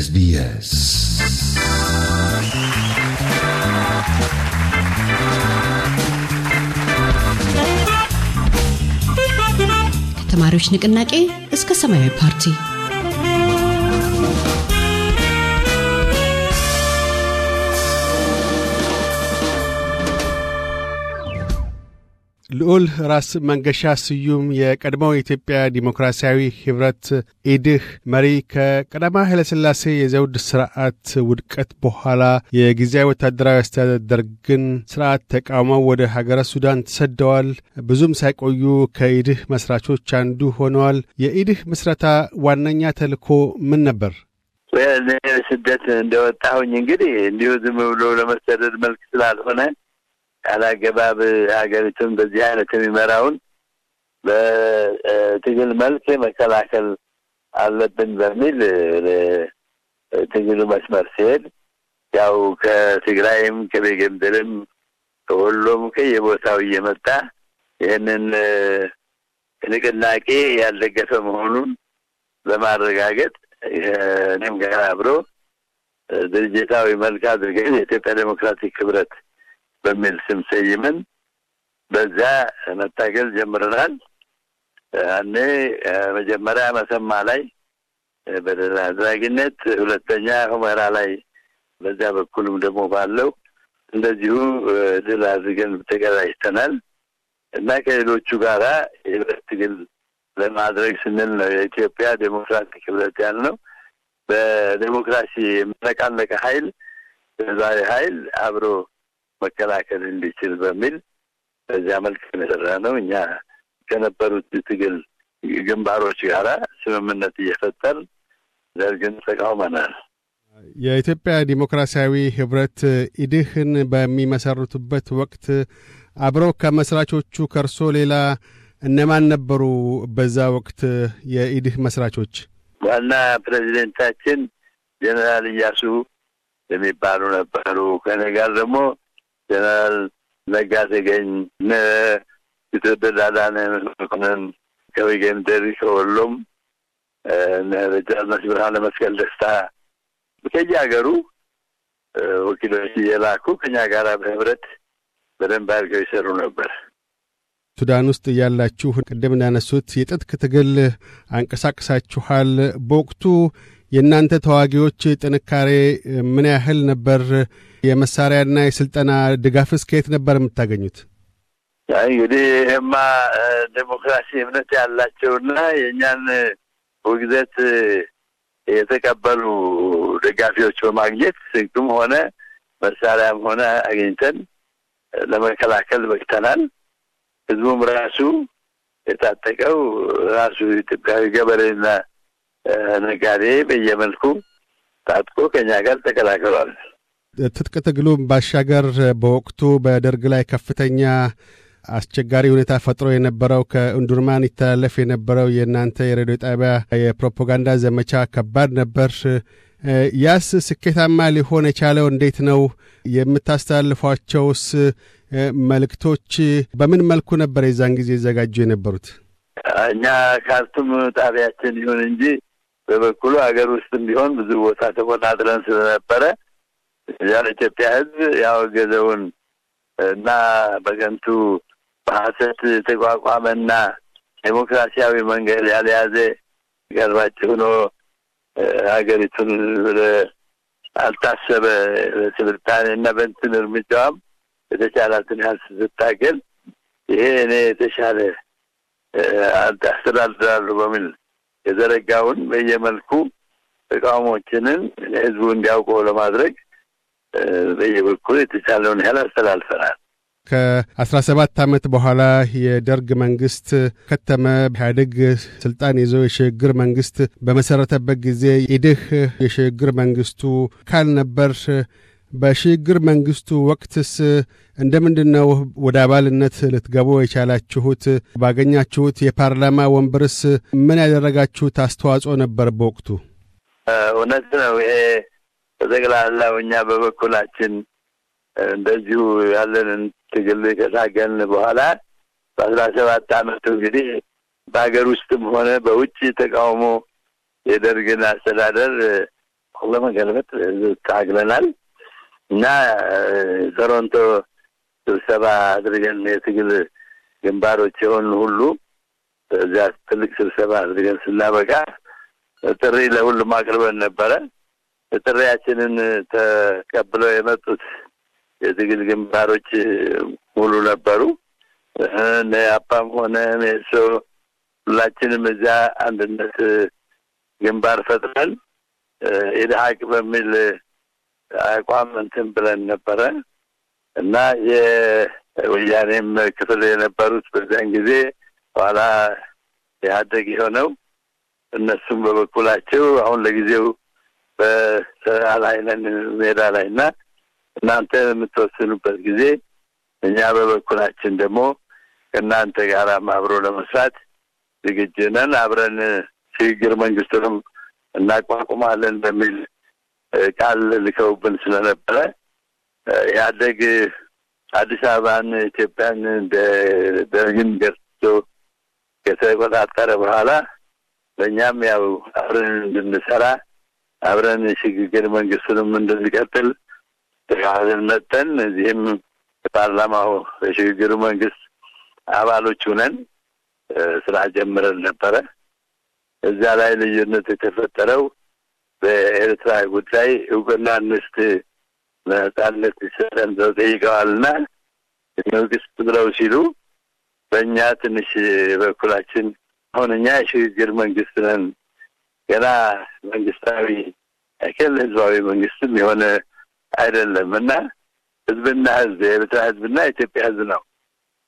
Buenos días. ከተማሪዎች ንቅናቄ እስከ ሰማያዊ ፓርቲ ልዑል ራስ መንገሻ ስዩም የቀድሞው የኢትዮጵያ ዲሞክራሲያዊ ህብረት ኢድህ መሪ ከቀዳማ ኃይለሥላሴ የዘውድ ስርዓት ውድቀት በኋላ የጊዜያዊ ወታደራዊ አስተዳደር ደርግን ስርዓት ተቃውመው ወደ ሀገረ ሱዳን ተሰደዋል። ብዙም ሳይቆዩ ከኢድህ መስራቾች አንዱ ሆነዋል። የኢድህ ምስረታ ዋነኛ ተልዕኮ ምን ነበር? ስደት እንደወጣሁኝ እንግዲህ እንዲሁ ዝም ብሎ ለመሰደድ መልክ ስላልሆነ ያላገባብ ሀገሪቱን በዚህ አይነት የሚመራውን በትግል መልክ መከላከል አለብን በሚል ትግሉ መስመር ሲሄድ ያው ከትግራይም ከቤጌምድርም ከሁሉም ከየቦታው እየመጣ ይህንን ንቅናቄ ያልደገፈ መሆኑን በማረጋገጥ እኔም ጋር አብሮ ድርጅታዊ መልክ አድርገን የኢትዮጵያ ዴሞክራቲክ ህብረት በሚል ስም ሰይምን በዛ መታገል ጀምረናል። ያኔ መጀመሪያ መሰማ ላይ በደል አድራጊነት፣ ሁለተኛ ሁመራ ላይ በዛ በኩልም ደግሞ ባለው እንደዚሁ ድል አድርገን ተቀዳጅተናል እና ከሌሎቹ ጋራ የህብረት ትግል ለማድረግ ስንል ነው የኢትዮጵያ ዴሞክራቲክ ህብረት ያልነው። በዴሞክራሲ የሚነቃነቀ ሀይል ዛሬ ሀይል አብሮ መከላከል እንዲችል በሚል በዚያ መልክ የሰራ ነው። እኛ ከነበሩት ትግል ግንባሮች ጋራ ስምምነት እየፈጠር ደርግን ተቃውመናል። የኢትዮጵያ ዲሞክራሲያዊ ህብረት ኢድህን በሚመሰርቱበት ወቅት አብረው ከመስራቾቹ ከእርሶ ሌላ እነማን ነበሩ? በዛ ወቅት የኢድህ መስራቾች ዋና ፕሬዚደንታችን ጀኔራል እያሱ የሚባሉ ነበሩ። ከኔ ጋር ደግሞ ጀነራል ነጋ ተገኝ፣ የተወደድ አዳነ መኮንን ከወገን ደሪሶ ወሎም ጃዝማች ብርሃነ መስቀል ደስታ ከየ ሀገሩ ወኪሎች እየላኩ ከኛ ጋር በህብረት በደንብ አድርገው ይሰሩ ነበር። ሱዳን ውስጥ እያላችሁ ቅድም እንዳነሱት የትጥቅ ትግል አንቀሳቅሳችኋል። በወቅቱ የእናንተ ተዋጊዎች ጥንካሬ ምን ያህል ነበር? የመሳሪያና የስልጠና ድጋፍስ ከየት ነበር የምታገኙት? እንግዲህ ይህማ ዴሞክራሲ እምነት ያላቸውና የእኛን ውግዘት የተቀበሉ ደጋፊዎች በማግኘት ስንቅም ሆነ መሳሪያም ሆነ አግኝተን ለመከላከል በቅተናል። ህዝቡም ራሱ የታጠቀው ራሱ ኢትዮጵያዊ ገበሬና ነጋዴ በየመልኩ ታጥቆ ከኛ ጋር ተቀላቅሏል። ትጥቅ ትግሉም ባሻገር በወቅቱ በደርግ ላይ ከፍተኛ አስቸጋሪ ሁኔታ ፈጥሮ የነበረው ከእንዱርማን ይተላለፍ የነበረው የእናንተ የሬዲዮ ጣቢያ የፕሮፓጋንዳ ዘመቻ ከባድ ነበር። ያስ ስኬታማ ሊሆን የቻለው እንዴት ነው? የምታስተላልፏቸውስ መልእክቶች በምን መልኩ ነበር የዛን ጊዜ ይዘጋጁ የነበሩት? እኛ ካርቱም ጣቢያችን ይሁን እንጂ በበኩሉ ሀገር ውስጥም ቢሆን ብዙ ቦታ ተቆጣጥረን ስለነበረ ያን ኢትዮጵያ ሕዝብ ያወገዘውን እና በገንቱ በሀሰት የተቋቋመና ዴሞክራሲያዊ መንገድ ያልያዘ ገርባጭ ሆኖ ሀገሪቱን ብለ አልታሰበ ስልጣኔ እና በንትን እርምጃዋም የተቻላትን ያህል ስታገል ይሄ እኔ የተሻለ አስተዳድራሉ በሚል የዘረጋውን በየመልኩ ተቃውሞችንን ህዝቡ እንዲያውቀው ለማድረግ በየበኩል የተቻለውን ያህል አስተላልፈናል። ከአስራ ሰባት ዓመት በኋላ የደርግ መንግስት ከተመ ኢህአዴግ ስልጣን ይዞ የሽግግር መንግስት በመሰረተበት ጊዜ ኢድህ የሽግግር መንግስቱ ካል ነበር። በሽግግር መንግስቱ ወቅትስ እንደምንድነው ወደ አባልነት ልትገቡ የቻላችሁት? ባገኛችሁት የፓርላማ ወንበርስ ምን ያደረጋችሁት አስተዋጽኦ ነበር በወቅቱ? እውነት ነው። ይሄ በጠቅላላው እኛ በበኩላችን እንደዚሁ ያለንን ትግል ከታገልን በኋላ በአስራ ሰባት አመቱ እንግዲህ በሀገር ውስጥም ሆነ በውጭ ተቃውሞ የደርግን አስተዳደር ለመገልበጥ ታግለናል። እና ቶሮንቶ ስብሰባ አድርገን የትግል ግንባሮች የሆኑ ሁሉ በዚያ ትልቅ ስብሰባ አድርገን ስናበቃ ጥሪ ለሁሉም አቅርበን ነበረ። ጥሪያችንን ተቀብለው የመጡት የትግል ግንባሮች ሙሉ ነበሩ። አፓም ሆነ ሜሶ ሁላችንም እዚያ አንድነት ግንባር ፈጥረን ኢድሀቅ በሚል አቋም እንትን ብለን ነበረ እና የወያኔም ክፍል የነበሩት በዚያን ጊዜ ኋላ ኢህአዴግ የሆነው እነሱም በበኩላቸው አሁን ለጊዜው በስራ ላይ ነን ሜዳ ላይ እና እናንተ የምትወስኑበት ጊዜ እኛ በበኩላችን ደግሞ ከእናንተ ጋር አብሮ ለመስራት ዝግጅነን አብረን ሽግግር መንግስቱንም እናቋቁማለን በሚል ቃል ልከውብን ስለነበረ ያደግ አዲስ አበባን ኢትዮጵያን ደርግን ገርቶ ከተቆጣጠረ በኋላ በእኛም ያው አብረን እንድንሰራ አብረን ሽግግር መንግስቱንም እንድንቀጥል ተቃዋሚን መጠን እዚህም የፓርላማው የሽግግሩ መንግስት አባሎች ሁነን ስራ ጀምረን ነበረ። እዛ ላይ ልዩነት የተፈጠረው በኤርትራ ጉዳይ እውቅና እንስት ነጻነት ይሰጠን ብለው ጠይቀዋልና መንግስት ብለው ሲሉ በእኛ ትንሽ በኩላችን አሁን እኛ የሽግግር መንግስት ነን። ገና መንግስታዊ ያክል ህዝባዊ መንግስትም የሆነ አይደለም እና ህዝብና ህዝብ የኤርትራ ህዝብና የኢትዮጵያ ህዝብ ነው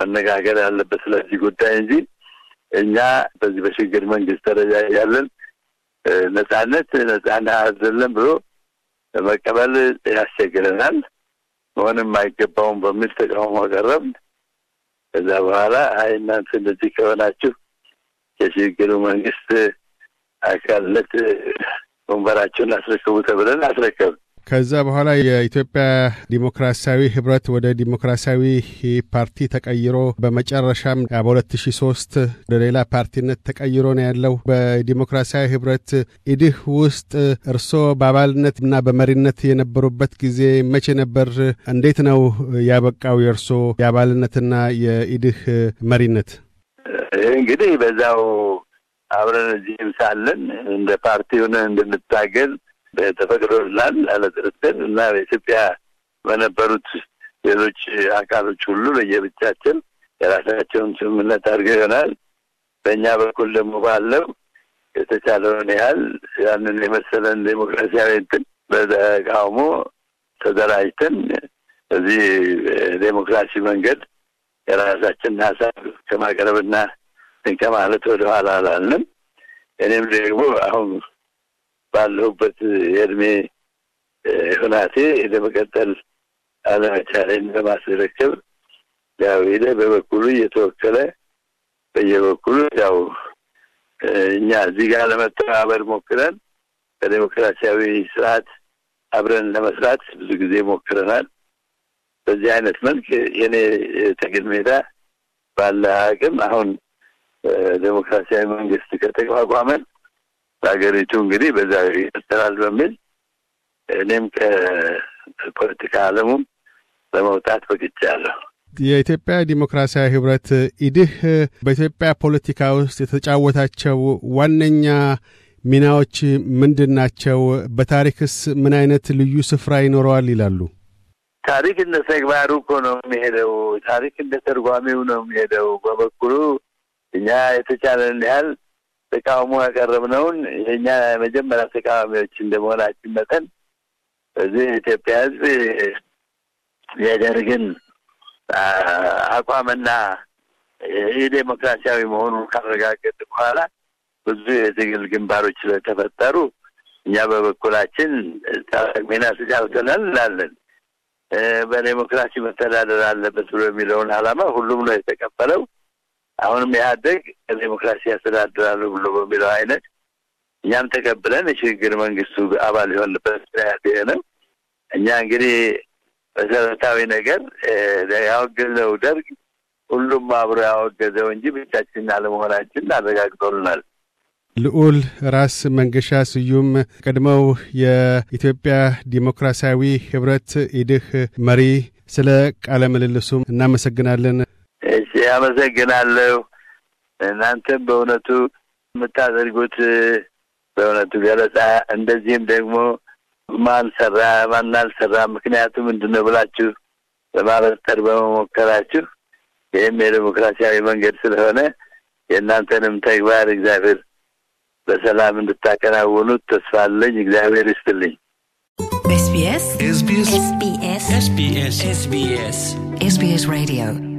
መነጋገር ያለበት ስለዚህ ጉዳይ እንጂ እኛ በዚህ በሽግግር መንግስት ደረጃ ያለን ነጻነት ነጻና አይደለም ብሎ መቀበል ያስቸግረናል። መሆንም አይገባውም በሚል ተቃውሞ ቀረብን። ከዛ በኋላ አይ እናንተ እንደዚህ ከሆናችሁ የሽግግሩ መንግስት አካልነት ወንበራችሁን አስረክቡ ተብለን አስረከብን። ከዛ በኋላ የኢትዮጵያ ዲሞክራሲያዊ ህብረት ወደ ዲሞክራሲያዊ ፓርቲ ተቀይሮ በመጨረሻም በ2003 ወደ ሌላ ፓርቲነት ተቀይሮ ነው ያለው። በዲሞክራሲያዊ ህብረት ኢድህ ውስጥ እርሶ በአባልነት እና በመሪነት የነበሩበት ጊዜ መቼ ነበር? እንዴት ነው ያበቃው የእርስዎ የአባልነትና የኢድህ መሪነት? እንግዲህ በዛው አብረን እዚህም ሳለን እንደ ፓርቲውን እንድንታገል ተፈቅዶልናል ያለ ጥርጥር እና በኢትዮጵያ በነበሩት ሌሎች አካሎች ሁሉ ለየብቻችን የራሳቸውን ስምምነት አድርገ ይሆናል። በእኛ በኩል ደግሞ ባለው የተቻለውን ያህል ያንን የመሰለን ዴሞክራሲያዊ እንትን በተቃውሞ ተደራጅተን እዚህ ዴሞክራሲ መንገድ የራሳችን ሀሳብ ከማቅረብና ከማለት ወደኋላ አላልንም። እኔም ደግሞ አሁን ባለሁበት የእድሜ ሁናቴ ለመቀጠል አለመቻለን ለማስረከብ ያው ሄደ በበኩሉ እየተወከለ በየበኩሉ ያው እኛ እዚህ ጋር ለመተባበር ሞክረን በዴሞክራሲያዊ ስርዓት አብረን ለመስራት ብዙ ጊዜ ሞክረናል። በዚህ አይነት መልክ የኔ ትግል ሜዳ ባለ አቅም አሁን ዴሞክራሲያዊ መንግስት ከተቋቋመን በሀገሪቱ እንግዲህ በዛ ይቀጥላል በሚል እኔም ከፖለቲካ ዓለሙም ለመውጣት በቅቻለሁ። የኢትዮጵያ ዲሞክራሲያዊ ህብረት ኢድህ በኢትዮጵያ ፖለቲካ ውስጥ የተጫወታቸው ዋነኛ ሚናዎች ምንድን ናቸው? በታሪክስ ምን አይነት ልዩ ስፍራ ይኖረዋል ይላሉ? ታሪክ እንደ ተግባሩ እኮ ነው የሚሄደው። ታሪክ እንደ ተርጓሚው ነው የሚሄደው። በበኩሉ እኛ የተቻለን ያህል ተቃውሞ ያቀረብነውን የእኛ የመጀመሪያ ተቃዋሚዎች እንደመሆናችን መጠን በዚህ የኢትዮጵያ ሕዝብ የደርግን አቋምና የዴሞክራሲያዊ መሆኑን ካረጋገጥ በኋላ ብዙ የትግል ግንባሮች ስለተፈጠሩ እኛ በበኩላችን ሚና ስጫውተናል እላለን። በዴሞክራሲ መተዳደር አለበት ብሎ የሚለውን አላማ ሁሉም ነው የተቀበለው። አሁንም ኢህአደግ ዴሞክራሲ ያስተዳድራሉ ብሎ በሚለው አይነት እኛም ተቀብለን የሽግግር መንግስቱ አባል ሊሆንበት ምክንያት ነው። እኛ እንግዲህ መሰረታዊ ነገር ያወገዘው ደርግ ሁሉም አብሮ ያወገዘው እንጂ ብቻችን አለመሆናችን አረጋግጦልናል። ልዑል ራስ መንገሻ ስዩም ቀድመው የኢትዮጵያ ዲሞክራሲያዊ ህብረት ኢድህ መሪ፣ ስለ ቃለ ምልልሱም እናመሰግናለን። ያመሰግናለሁ። እናንተም በእውነቱ የምታደርጉት በእውነቱ ገለጻ እንደዚህም ደግሞ ማን ሰራ ማን አልሰራ ምክንያቱ ምንድን ነው ብላችሁ ለማበጠር በመሞከራችሁ ይህም የዴሞክራሲያዊ መንገድ ስለሆነ የእናንተንም ተግባር እግዚአብሔር በሰላም እንድታከናውኑት ተስፋ አለኝ። እግዚአብሔር ይስጥልኝ። ሬዲዮ